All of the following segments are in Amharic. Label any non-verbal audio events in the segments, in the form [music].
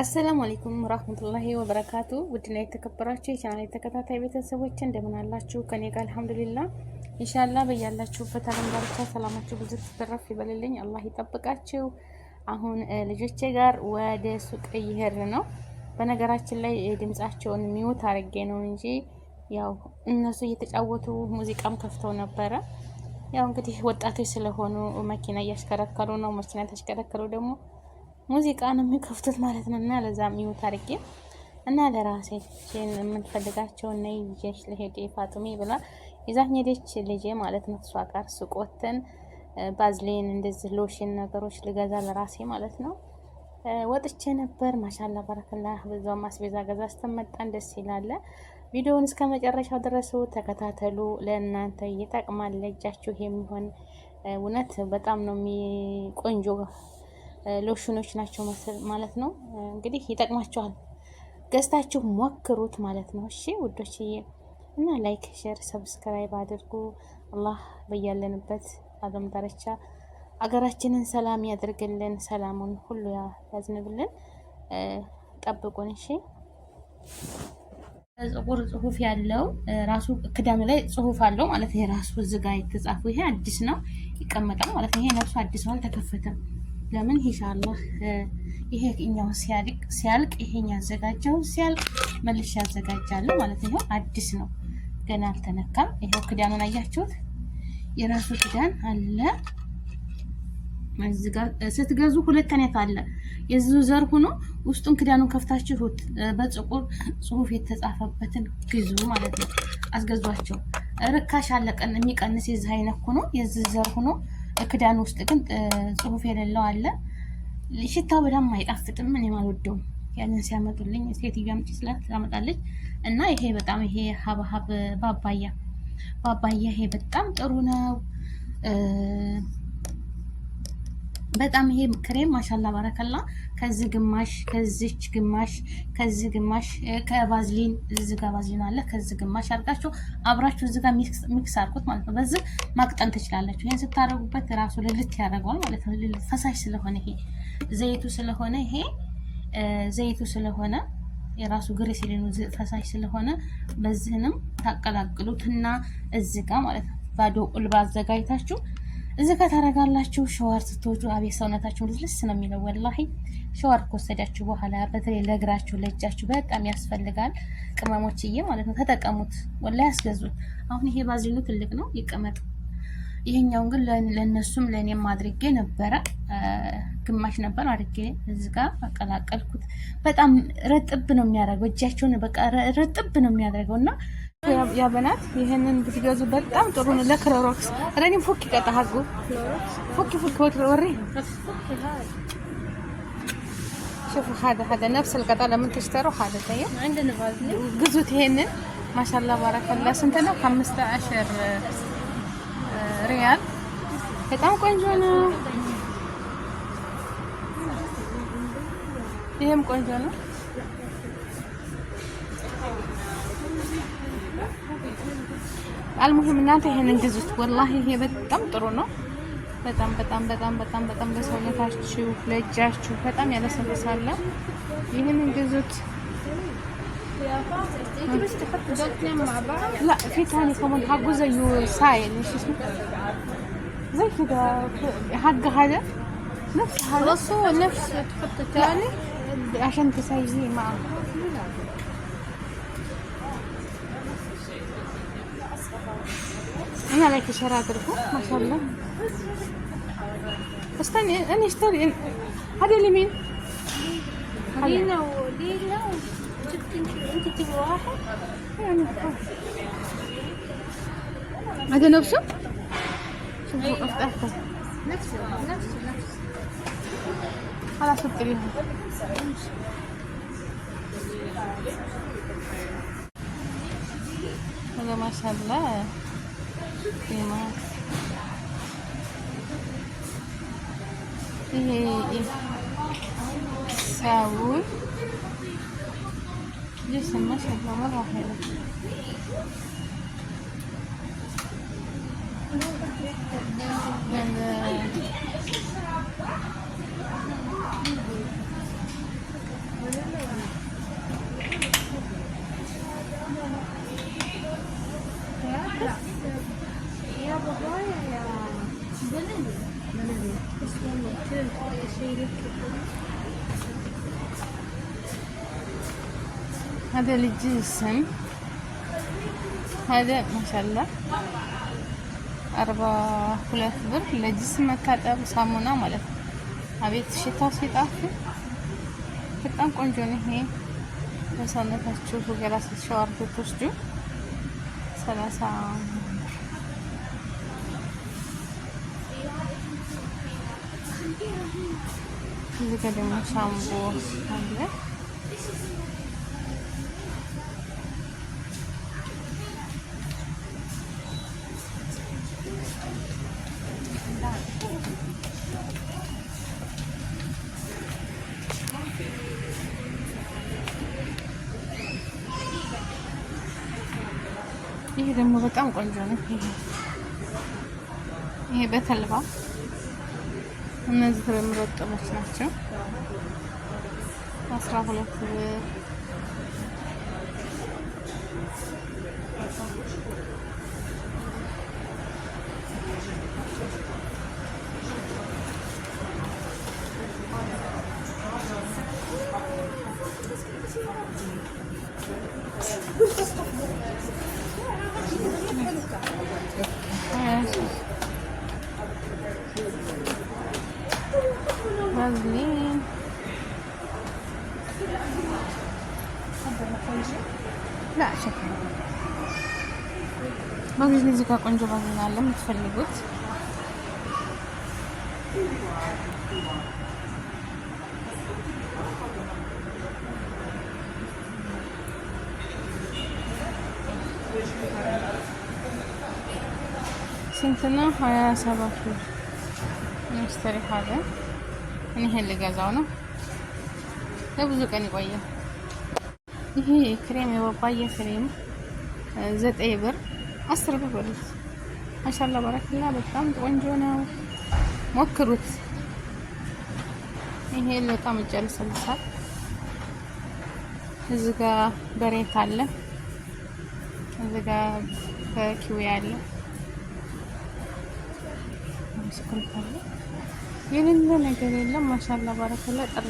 አሰላሙ አለይኩም ራህመቱላሂ ወበረካቱ ውድና የተከበራችሁ የቻናል የተከታታይ ቤተሰቦች እንደምን አላችሁ? ከኔ ጋር አልሐምዱሊላ። ኢንሻላ በያላችሁበት አለም ዳርቻ ሰላማችሁ ብዙ ትተረፍ ይበልልኝ፣ አላህ ይጠብቃችሁ። አሁን ልጆቼ ጋር ወደ ሱቅ እየሄድን ነው። በነገራችን ላይ ድምጻቸውን ሚውት አድርጌ ነው እንጂ ያው እነሱ እየተጫወቱ ሙዚቃም ከፍተው ነበረ። ያው እንግዲህ ወጣቶች ስለሆኑ መኪና እያሽከረከሩ ነው። መኪና ተሽከረከሩ ደግሞ ሙዚቃ ነው የሚከፍቱት ማለት ነው። እና ለዛ ሚውት አድርጌ እና ለራሴ የምንፈልጋቸው ነይ ይዤሽ ልሄድ ፋጡሜ ብላ ይዛኝ ሄደች። ልጄ ማለት ነው እሷ ጋር ስቆትን ባዝሌን እንደዚህ ሎሽን ነገሮች ልገዛ ለራሴ ማለት ነው ወጥቼ ነበር። ማሻላ ባረከላ በዛው ማስቤዛ ገዛ ስተመጣን ደስ ይላለ። ቪዲዮውን እስከ መጨረሻው ድረሱ ተከታተሉ። ለእናንተ ይጠቅማል፣ ለእጃችሁ የሚሆን እውነት በጣም ነው የሚቆንጆ ሎሽኖች ናቸው ማለት ነው። እንግዲህ ይጠቅማችኋል፣ ገዝታችሁ ሞክሩት ማለት ነው። እሺ ውዶችዬ እና ላይክ፣ ሼር፣ ሰብስክራይብ አድርጉ። አላህ በያለንበት አለም ዳርቻ አገራችንን ሰላም ያድርግልን፣ ሰላሙን ሁሉ ያዝንብልን፣ ጠብቁን። እሺ ጥቁር ጽሁፍ ያለው ራሱ ክዳኑ ላይ ጽሁፍ አለው ማለት ይሄ ራሱ እዚህ ጋር የተጻፈው ይሄ አዲስ ነው፣ ይቀመጣል ማለት ነው። ይሄ ነፍሱ አዲስ ነው፣ አልተከፈተም። ለምን ኢንሻአላህ ይሄ እኛው ሲያልቅ ሲያልቅ ይሄን ያዘጋጀው ሲያልቅ መልሼ ያዘጋጃለሁ ማለት ነው። አዲስ ነው፣ ገና አልተነካም። ይሄው ክዳኑን አያችሁት፣ የራሱ ክዳን አለ። እዚህ ስትገዙ ሁለት አይነት አለ። የዚሁ ዘር ሆኖ ውስጡን ክዳኑን ከፍታችሁት በጥቁር ጽሁፍ የተጻፈበትን ግዙ ማለት ነው። አስገዟቸው። ርካሽ አለቀን የሚቀንስ የዚህ አይነት ሆኖ የዚህ ዘር ሆኖ ከክዳን ውስጥ ግን ጽሁፍ የሌለው አለ። ሽታው በጣም አይጣፍጥም። እኔም አልወደውም። ያንን ሲያመጡልኝ ሴትዮ አምጪ ስላት ታመጣለች እና ይሄ በጣም ይሄ ሀብሀብ ባባያ ባባያ ይሄ በጣም ጥሩ ነው። በጣም ይሄ ክሬም ማሻላ ባረከላ ከዚህ ግማሽ ከዚች ግማሽ ከዚህ ግማሽ ከቫዝሊን እዚህ ጋር ቫዝሊን አለ ከዚህ ግማሽ አድርጋችሁ አብራችሁ እዚህ ጋር ሚክስ አድርጉት ማለት ነው። በዚህ ማቅጠን ትችላላችሁ። ይህን ስታደርጉበት ራሱ ልልት ያደርገዋል ማለት ነው። ልልት ፈሳሽ ስለሆነ ይሄ ዘይቱ ስለሆነ ይሄ ዘይቱ ስለሆነ የራሱ ግሪሲሊኑ ፈሳሽ ስለሆነ በዚህንም ታቀላቅሉትና እዚህ ጋር ማለት ነው ባዶ ቁልባ አዘጋጅታችሁ እዚህ ጋር ታደርጋላችሁ። ሸዋር ስትወዱ አቤት ሰውነታችሁን ልስልስ ነው የሚለው። ወላሂ ሸዋር ከወሰዳችሁ በኋላ በተለይ ለእግራችሁ ለእጃችሁ በጣም ያስፈልጋል። ቅመሞችዬ ማለት ነው፣ ተጠቀሙት። ወላሂ ያስገዙ። አሁን ይሄ ባዚኑ ትልቅ ነው ይቀመጥ። ይሄኛውን ግን ለእነሱም ለእኔም አድርጌ ነበረ፣ ግማሽ ነበር አድርጌ እዚህ ጋር አቀላቀልኩት። በጣም ረጥብ ነው የሚያደርገው እጃቸውን፣ በቃ ረጥብ ነው የሚያደርገው እና يا بنات ይሄንን ብትገዙ በጣም ጥሩ ነው። ለክሮሮክስ ረኒ ፉክ ይቀጣ ሀጉ ፉክ ፉክ ወሬ شوفوا هذا هذا نفس القطع لما تشتروا هذا طيب عندنا فازلين قزوت هنا ما شاء الله بارك الله سنتنا 15 ريال በጣም ቆንጆ ነው። ይሄም ቆንጆ ነው። المهم هنا والله هي እናንተ ይሄንን ግዙት ወላሂ ይሄ በጣም ጥሩ ነው በጣም በጣም በጣም በጣም تشوف ለሰውነታችሁ ለእጃችሁ በጣም ያለሰልሳለ ይህንን ግዙት لا في ثاني كمان حقه زي سايل مش اسمه زي كده حق هذا نفس هذا نفس تحط ثاني عشان تسيزيه معه انا عليك شراطركم ما شاء الله بس استني انا اشتري هذا اللي مين؟ لينا ولينا وجبت انت تبي واحد يعني هذا نفسه؟ شوفوا إيه. افتحته نفسه نفسه نفسه خلاص اشتريها هذا ما شاء الله famous. Ini Seoul. جسم مسحب مرة ya Yeah. هذا الجسم هذا ما شاء الله አርባ ሁለት ብር ለጅስም መታጠብ ሳሙና ማለት ነው። አቤት ሽታው ሲጣፍጥ በጣም ቆንጆ ነው። ይሄ ለሰውነታችሁ ገላ ስትሸዋር ስትወስዱ ሰላሳ Zagaling sambo handle. ይሄ ደግሞ በጣም ቆንጆ ነው። ይሄ በተልባ እነዚህ ጥሞች ናቸው። አስራ ሁለት ነው። ግን እዚህ ጋር ቆንጆ ባዝሊን አለ የምትፈልጉት። ስንት ነው? ሀያ ሰባት ብር ሀገ ካለ እኔ ይሄን ልገዛው ነው። ለብዙ ቀን ይቆያል። ይሄ ክሬም የበባየ ክሬም ዘጠኝ ብር አስር ብር በሉት። ማሻላ ባረክላ በጣም ቆንጆ ነው። ሞክሩት። ይሄ በጣም ይጨልሰልሳል። እዚህ ጋር በሬት አለ። እዚህ ጋር በኪዊ አለ። ምስክልታለ የሌለ ነገር የለም። ማሻላ ባረክላ ጥር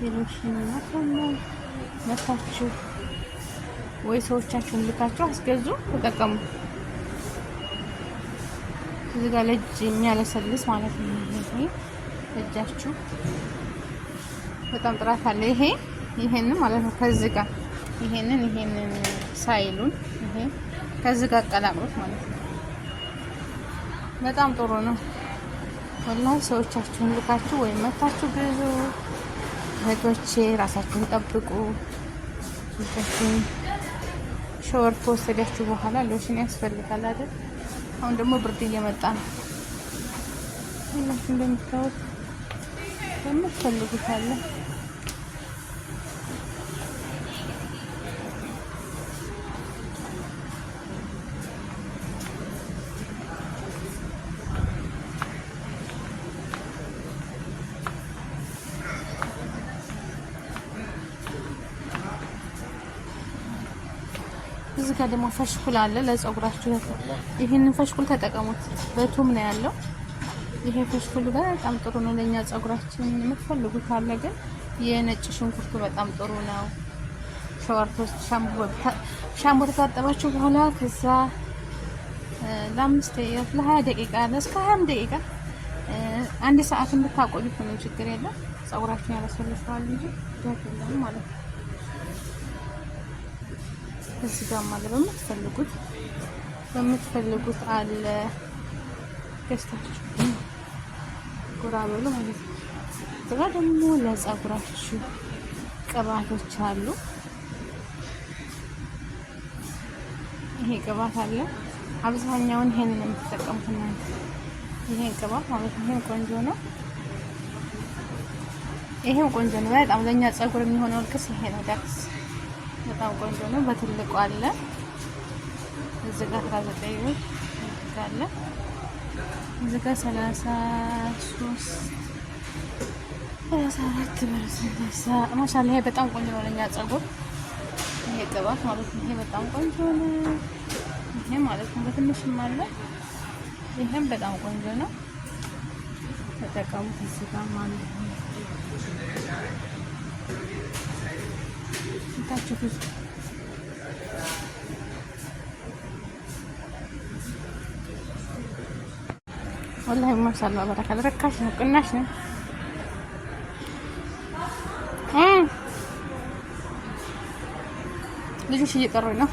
ሌሎችን መታችሁ ወይ ሰዎቻችሁን ልካችሁ አስገዙ፣ ተጠቀሙ። እዚህ ጋር ለእጅ የሚያለሰልስ ማለት ነው። ይሄ እጃችሁ በጣም ጥራት አለ። ይሄ ይሄንን ማለት ነው። ከዚህ ጋር ይሄንን ይሄንን ሳይሉን ይሄ ከዚህ ጋር አቀላቅሉት ማለት ነው። በጣም ጥሩ ነው። ወላሂ ሰዎቻችሁን ልካችሁ ወይም መታችሁ ግዙ። እህቶቼ ራሳችሁን ጠብቁ። እህቶቼ ሻወር ከወሰዳችሁ በኋላ ሎሽን ያስፈልጋል አይደል? አሁን ደግሞ ብርድ እየመጣ ነው። ሁላችሁ እንደምታወቅ የምትፈልጉት አለ እዚህ ጋር ደግሞ ፈሽኩል አለ ለፀጉራችሁ። ይሄንን ፈሽኩል ተጠቀሙት። በቱም ነው ያለው። ይሄ ፈሽኩል በጣም ጥሩ ነው ለኛ ፀጉራችን። የምትፈልጉ ካለ ግን የነጭ ሽንኩርቱ በጣም ጥሩ ነው። ሻወር ተወስድ ሻምቦ ተታጠባችሁ በኋላ ከዛ ለአምስት ለሀያ ደቂቃ እስከ ሀያም ደቂቃ አንድ ሰዓት እንድታቆዩት ነው ችግር የለም። ፀጉራችን ያላሰልፈዋል እንጂ ጉዳት የለም ማለት ነው። እዚህ ጋር ማለት በምትፈልጉት በምትፈልጉት አለ ገዝታችሁ ጎራ በሉ ማለት ነው። እዚህ ጋር ደግሞ ለጸጉራችሁ ቅባቶች አሉ። ይሄ ቅባት አለ። አብዛኛውን ነው የምትጠቀሙት እናንተ ይሄ ቅባት ማለት ነው። ይሄም ቆንጆ ነው። ይሄም ቆንጆ ነው። በጣም ለኛ ጸጉር የሚሆነው ልክስ ይሄ ነው ዳክስ በጣም ቆንጆ ነው። በትልቁ አለ እዚህ ጋር አስራ ዘጠኝ ብር አለ እዚህ ጋር 33 34 ብር ስልሳ ማሻላ። ይሄ በጣም ቆንጆ ነው ለኛ ጸጉር ይሄ ቅባት ማለት ነው። ይሄ በጣም ቆንጆ ነው። ይሄ ማለት ነው በትንሽም አለ። ይሄም በጣም ቆንጆ ነው። ተጠቀሙት። እዚህ ጋር ማለት ነው ታችሁት ወላሂ ማሻአላህ በረካት ረካሽ ነው፣ ቅናሽ ነው። ልጆች እየጠሩኝ ነው።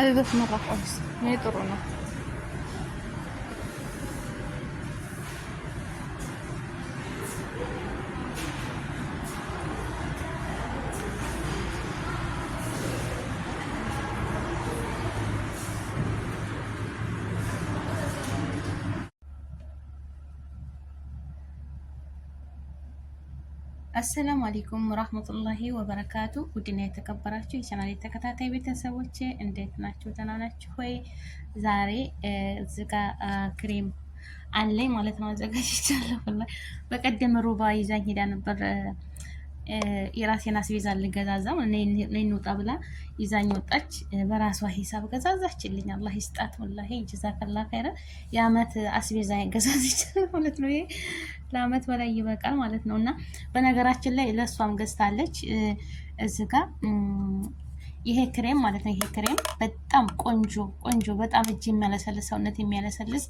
አብበት መራቆስ ጥሩ ነው። አሰላሙ አሌይኩም ራህመቱላሂ ወበረካቱ። ውድና የተከበራችሁ የቻናል ተከታታይ ቤተሰቦች እንዴት ናችሁ? ደህና ናችሁ ወይ? ዛሬ እዚጋ ክሬም አለኝ ማለት ነው አዘጋጅቻለሁ። በቀደም ሩባ ይዛኝ ሄዳ ነበር የራሴን አስቤዛ ልገዛዛው እኔ እንውጣ ብላ ይዛኝ ወጣች። በራሷ ሂሳብ ገዛዛችልኝ። አላህ ይስጣት። ወላሂ ጀዛከላህ ኸይረን። የአመት አስቤዛ ገዛዝች ማለት ነው። ይሄ ለአመት በላይ ይበቃል ማለት ነው። እና በነገራችን ላይ ለእሷም ገዝታለች። እዚ ጋ ይሄ ክሬም ማለት ነው። ይሄ ክሬም በጣም ቆንጆ ቆንጆ፣ በጣም እጅ የሚያለሰልስ ሰውነት የሚያለሰልስ።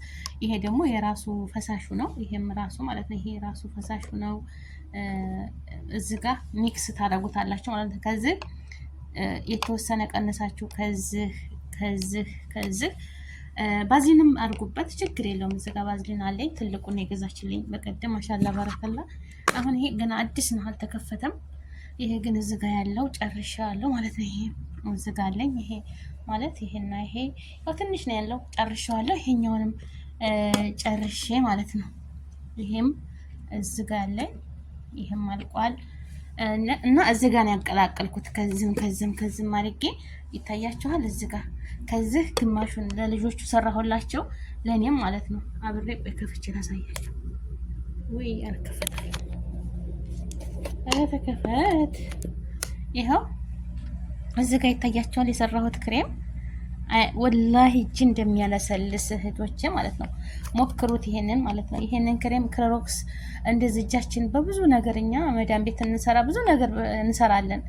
ይሄ ደግሞ የራሱ ፈሳሹ ነው። ይሄም ራሱ ማለት ነው። ይሄ ራሱ ፈሳሹ ነው። እዚህ ጋር ሚክስ ታደርጉታላችሁ ማለት ነው። ከዚህ የተወሰነ ቀነሳችሁ ከዚህ ከዚህ ከዚህ ባዝሊንም አድርጉበት ችግር የለውም። እዚህ ጋር ባዝሊን አለኝ ትልቁን የገዛችልኝ በቀደም ማሻላ ባረከላ። አሁን ይሄ ገና አዲስ ነው አልተከፈተም። ይሄ ግን እዚህ ጋር ያለው ጨርሻ አለው ማለት ነው። ይሄ እዚህ ጋር አለኝ ይሄ ማለት ይሄና ይሄ ያው ትንሽ ነው ያለው ጨርሻዋለሁ። ይሄኛውንም ጨርሼ ማለት ነው። ይሄም እዚህ ጋር አለኝ ይህም አልቋል እና እዚህ ጋር ነው ያቀላቀልኩት። ከዚህም ከዚህም ከዚህም አድርጌ ይታያችኋል። እዚህ ጋር ከዚህ ግማሹን ለልጆቹ ሰራሁላቸው፣ ለእኔም ማለት ነው። አብሬ ቆይ ከፍቼ ላሳያቸው። ወይ አልከፈትም። ኧረ ተከፈት። ይኸው እዚህ ጋር ይታያችኋል የሰራሁት ክሬም ወላሂ እጅ እንደሚያለሰልስ እህቶች ማለት ነው። ሞክሩት ይሄንን ማለት ነው። ይሄንን ክሬም ክሮክስ እንደዚህ እጃችን በብዙ ነገር እኛ መዳን ቤት እንሰራ ብዙ ነገር እንሰራለን።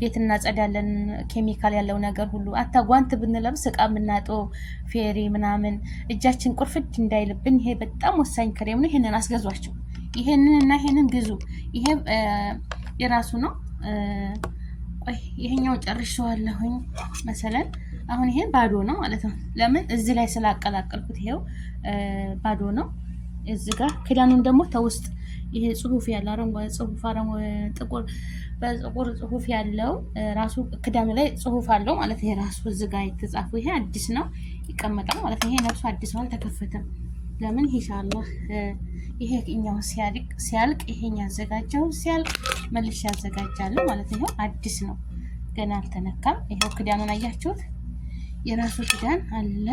ቤት እናጸዳለን። ኬሚካል ያለው ነገር ሁሉ አታ ጓንት ብንለብስ እቃ ብናጠው ፌሪ ምናምን እጃችን ቁርፍድ እንዳይልብን ይሄ በጣም ወሳኝ ክሬም ነው። ይሄንን አስገዟቸው። ይሄንን እና ይሄንን ግዙ። ይሄ የራሱ ነው። ቆይ ይሄኛው ጨርሼዋለሁኝ መሰለን አሁን ይሄ ባዶ ነው ማለት ነው። ለምን እዚህ ላይ ስላቀላቀልኩት ይሄው ባዶ ነው። እዚህ ጋር ክዳኑን ደግሞ ተውስጥ ይሄ ጽሁፍ ያለው አረንጓዴ ጽሁፍ አረንጓዴ ጥቁር በጥቁር ጽሁፍ ያለው ራሱ ክዳኑ ላይ ጽሁፍ አለው ማለት ይሄ ራሱ እዚህ ጋር የተጻፈው ይሄ አዲስ ነው ይቀመጣል ማለት ነው። ይሄ ነፍሱ አዲስ ነው አልተከፈተም። ለምን ኢንሻአላህ ይሄ እኛው ሲያልቅ ሲያልቅ ይሄኛ ያዘጋጀው ሲያልቅ መልሼ ያዘጋጃለሁ ማለት ነው። አዲስ ነው ገና አልተነካም። ይሄው ክዳኑን አያችሁት? የራሱ ክዳን አለ።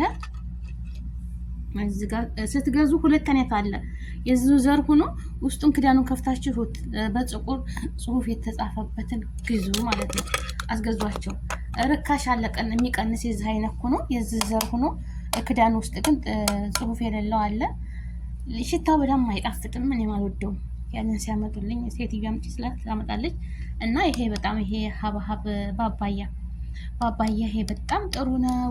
ስትገዙ ሁለት አይነት አለ። የዚሁ ዘር ሆኖ ውስጡን ክዳኑን ከፍታችሁት በጥቁር ጽሑፍ የተጻፈበትን ግዙ ማለት ነው። አስገዟቸው። ርካሽ አለ፣ ቀን የሚቀንስ የዚህ አይነት ሆኖ የዚህ ዘር ሆኖ ክዳን ውስጥ ግን ጽሑፍ የሌለው አለ። ሽታው በጣም አይጣፍጥም። እኔም አልወደውም። ያንን ሲያመጡልኝ ሴትዮዋ አምጪ ስላት ታመጣለች እና ይሄ በጣም ይሄ ሀብሀብ ባባያ ፓፓያ ይሄ በጣም ጥሩ ነው።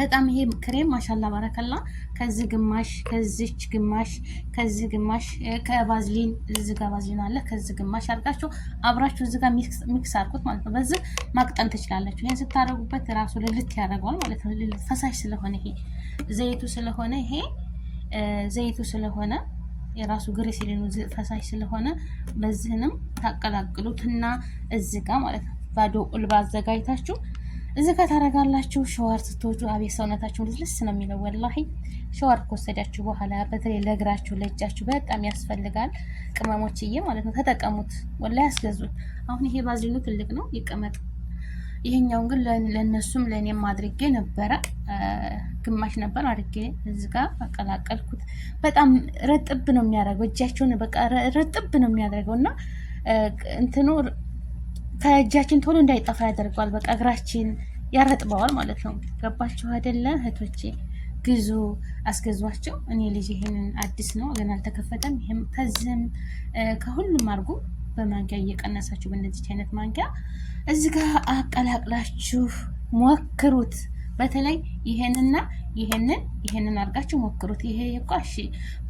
በጣም ይሄ ክሬም ማሻላ ባረከላ። ከዚህ ግማሽ፣ ከዚች ግማሽ፣ ከዚህ ግማሽ ከባዝሊን እዚህ ጋር ባዝሊን አለ። ከዚህ ግማሽ አድርጋችሁ አብራችሁ እዚህ ጋር ሚክስ አድርጉት ማለት ነው። በዚህ ማቅጠን ትችላላችሁ። ይሄን ስታደርጉበት ራሱ ልልት ያደርገዋል ማለት ነው። ፈሳሽ ስለሆነ ይሄ ዘይቱ ስለሆነ ይሄ ዘይቱ ስለሆነ የራሱ ግሪሲሊኑ ፈሳሽ ስለሆነ በዚህንም ታቀላቅሉትና እዚህ ጋር ማለት ነው ባዶ ቁልባ አዘጋጅታችሁ እዚህ ጋር ታደርጋላችሁ። ሸዋር ስትወጡ አቤት ሰውነታችሁ ልስልስ ነው የሚለው ወላሂ። ሸዋር ከወሰዳችሁ በኋላ በተለይ ለእግራችሁ ለእጃችሁ በጣም ያስፈልጋል። ቅመሞችዬ ማለት ነው ተጠቀሙት፣ ወላሂ ያስገዙት። አሁን ይሄ ባዝሊኑ ትልቅ ነው ይቀመጥ። ይሄኛውን ግን ለእነሱም ለእኔም አድርጌ ነበረ። ግማሽ ነበር አድርጌ እዚ ጋ አቀላቀልኩት። በጣም ረጥብ ነው የሚያደርገው እጃቸውን በቃ ረጥብ ነው የሚያደርገው እና እንትኑ ከእጃችን ቶሎ እንዳይጠፋ ያደርገዋል። በቃ እግራችን ያረጥበዋል ማለት ነው። ገባችሁ አይደለ እህቶቼ? ግዙ፣ አስገዟቸው። እኔ ልጅ ይሄንን አዲስ ነው ገና አልተከፈተም። ይህም ከዚህም ከሁሉም አድርጎ በማንኪያ እየቀነሳችሁ በእነዚች አይነት ማንኪያ እዚህ ጋር አቀላቅላችሁ ሞክሩት። በተለይ ይሄንና ይሄንን ይሄንን አድርጋችሁ ሞክሩት። ይሄ እኮ እሺ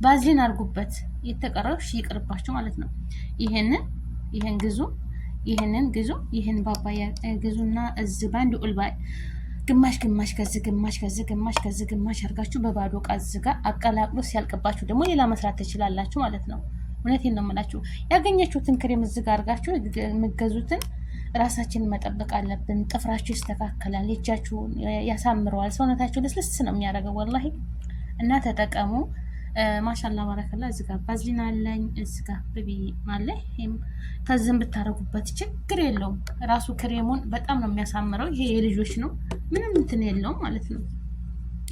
ባዝሊን አድርጉበት፣ የተቀረው እሺ ይቅርባችሁ ማለት ነው። ይሄንን ይሄን ግዙ፣ ይሄንን ግዙ፣ ይሄን ባባያ ግዙና እዚ ባንድ ኡልባይ ግማሽ ግማሽ ከዚ ግማሽ ከዚ ግማሽ ከዚ ግማሽ አድርጋችሁ በባዶ ዕቃ እዚህ ጋር አቀላቅሎ ሲያልቅባችሁ ደግሞ ሌላ መስራት ትችላላችሁ ማለት ነው። እውነቴን ነው የምላችሁ። ያገኘችሁትን ክሬም እዚ ጋር አድርጋችሁ የምትገዙትን ራሳችንን መጠበቅ አለብን። ጥፍራችሁ ይስተካከላል፣ እጃችሁን ያሳምረዋል፣ ሰውነታችሁ ልስልስ ነው የሚያደርገው ወላሂ እና ተጠቀሙ። ማሻላ ባረከላ። እዚጋ ባዝሊን አለኝ፣ እዚጋ ብቢ አለ። ከዚህም ብታደረጉበት ችግር የለውም። ራሱ ክሬሙን በጣም ነው የሚያሳምረው። ይሄ የልጆች ነው፣ ምንም እንትን የለውም ማለት ነው።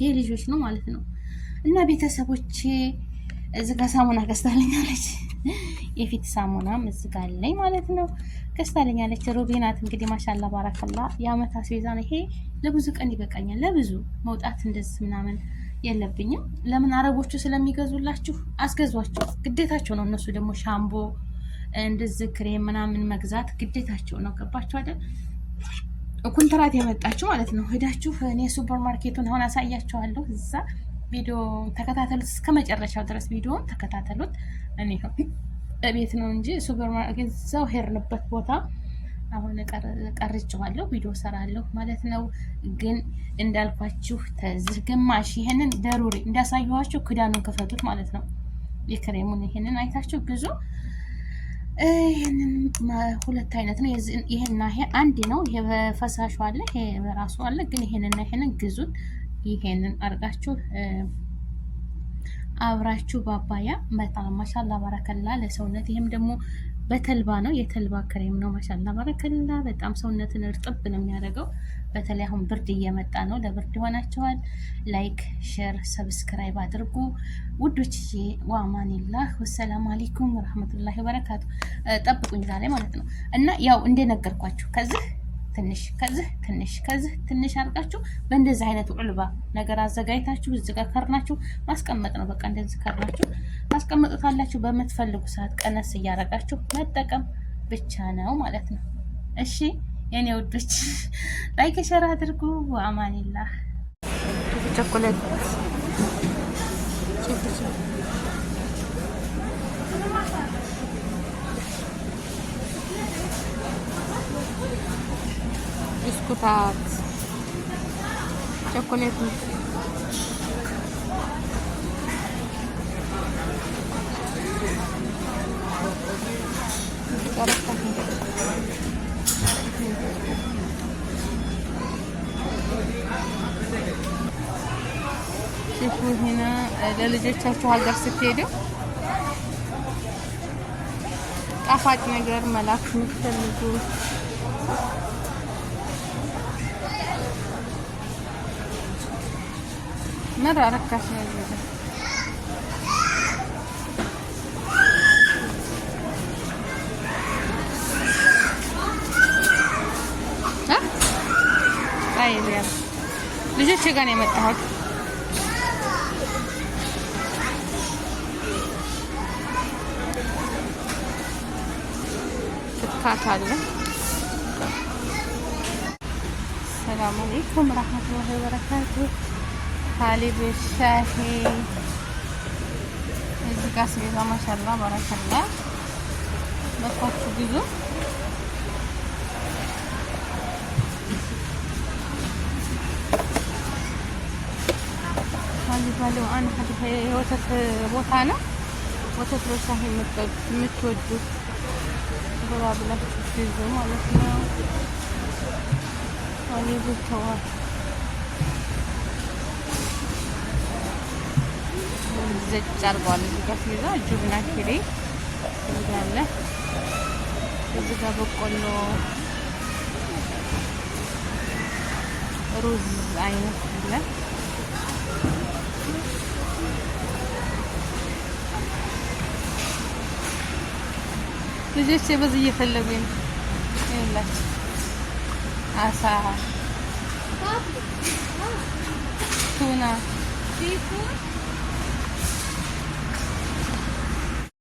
ይሄ ልጆች ነው ማለት ነው። እና ቤተሰቦቼ እዚጋ ሳሙና ገዝታለኛለች፣ የፊት ሳሙናም እዚህ አለኝ ማለት ነው። ገዝታልኝ አለች። ሮቤ ናት እንግዲህ ማሻላ ባረከላ። የአመት አስቤዛ ነው ይሄ። ለብዙ ቀን ይበቃኛል። ለብዙ መውጣት እንደዚህ ምናምን የለብኝም። ለምን አረቦቹ ስለሚገዙላችሁ አስገዟቸው፣ ግዴታቸው ነው። እነሱ ደግሞ ሻምቦ እንደዚህ ክሬም ምናምን መግዛት ግዴታቸው ነው። ገባችሁ አይደል? ኩንትራት የመጣችሁ ማለት ነው። ሄዳችሁ እኔ ሱፐር ማርኬቱን አሁን አሳያችኋለሁ። እዛ ቪዲዮ ተከታተሉት፣ እስከ መጨረሻው ድረስ ቪዲዮውን ተከታተሉት። እኔ ቤት ነው እንጂ ሱፐርማርኬት እዛው ሄርንበት ቦታ አሁን ቀርጬዋለሁ፣ ቪዲዮ ሰራለሁ ማለት ነው። ግን እንዳልኳችሁ ተዝህ ግማሽ ይሄንን ደሩሪ እንዳሳየኋችሁ ክዳኑን ክፈቱት ማለት ነው። የክሬሙን ይሄንን አይታችሁ ብዙ ይህንን ሁለት አይነት ነው። ይሄና ይሄ አንድ ነው። ይሄ በፈሳሹ አለ፣ ይሄ በራሱ አለ። ግን ይሄንና ይሄንን ግዙት። ይሄንን አርጋችሁ አብራችሁ ባባያ በጣም ማሻላ ባረከላ ለሰውነት ይህም ደግሞ በተልባ ነው። የተልባ ክሬም ነው። ማሻላ ባረከላ በጣም ሰውነትን እርጥብ ነው የሚያደርገው። በተለይ አሁን ብርድ እየመጣ ነው። ለብርድ ይሆናችኋል። ላይክ፣ ሼር፣ ሰብስክራይብ አድርጉ ውዶችዬ። ዋማኒላህ ወሰላም አሌይኩም ወረህመቱላሂ ወበረካቱ። ጠብቁኝ ዛሬ ማለት ነው እና ያው እንደነገርኳችሁ ከዚህ ትንሽ ከዚህ ትንሽ ከዚህ ትንሽ አድርጋችሁ በእንደዚህ አይነት ዑልባ ነገር አዘጋጅታችሁ እዚህ ጋር ከርናችሁ ማስቀመጥ ነው። በቃ እንደዚህ ከርናችሁ ማስቀመጡታላችሁ። በምትፈልጉ ሰዓት ቀነስ እያረጋችሁ መጠቀም ብቻ ነው ማለት ነው። እሺ የኔ ውዶች [laughs] ላይክ ሸር አድርጉ። አማኒላህ ቸኮሌት قطعات شوكولاتة شوفوا هنا للجوجتاችሁ ሀገር ስትሄዱ ጣፋጭ ነገር መላክ የምትፈልጉ ماذا أردت يا عزيزة؟ ها؟ طيب، أي زيارة لجي تشغاني متحك تتفات السلام عليكم ورحمة الله وبركاته ካሊብ ሻሂ እዚህ ጋር ስቤዛ ማሻላ ባረከላ በኳችሁ ግዙ። ባለው አንድ የወተት ቦታ ነው። ወተት በሻሂ የምትወዱት ብላ ብላችሁ ግዙ ማለት ነው። ዘጭ አርጓል። እዚህ ጋር ሲይዛ ጁብና ኪሬ ይላል። እዚህ ጋር በቆሎ፣ ሩዝ አይነት አለ። ልጆች በዚህ እየፈለጉ ነው። ይኸውላችሁ አሳ ቱና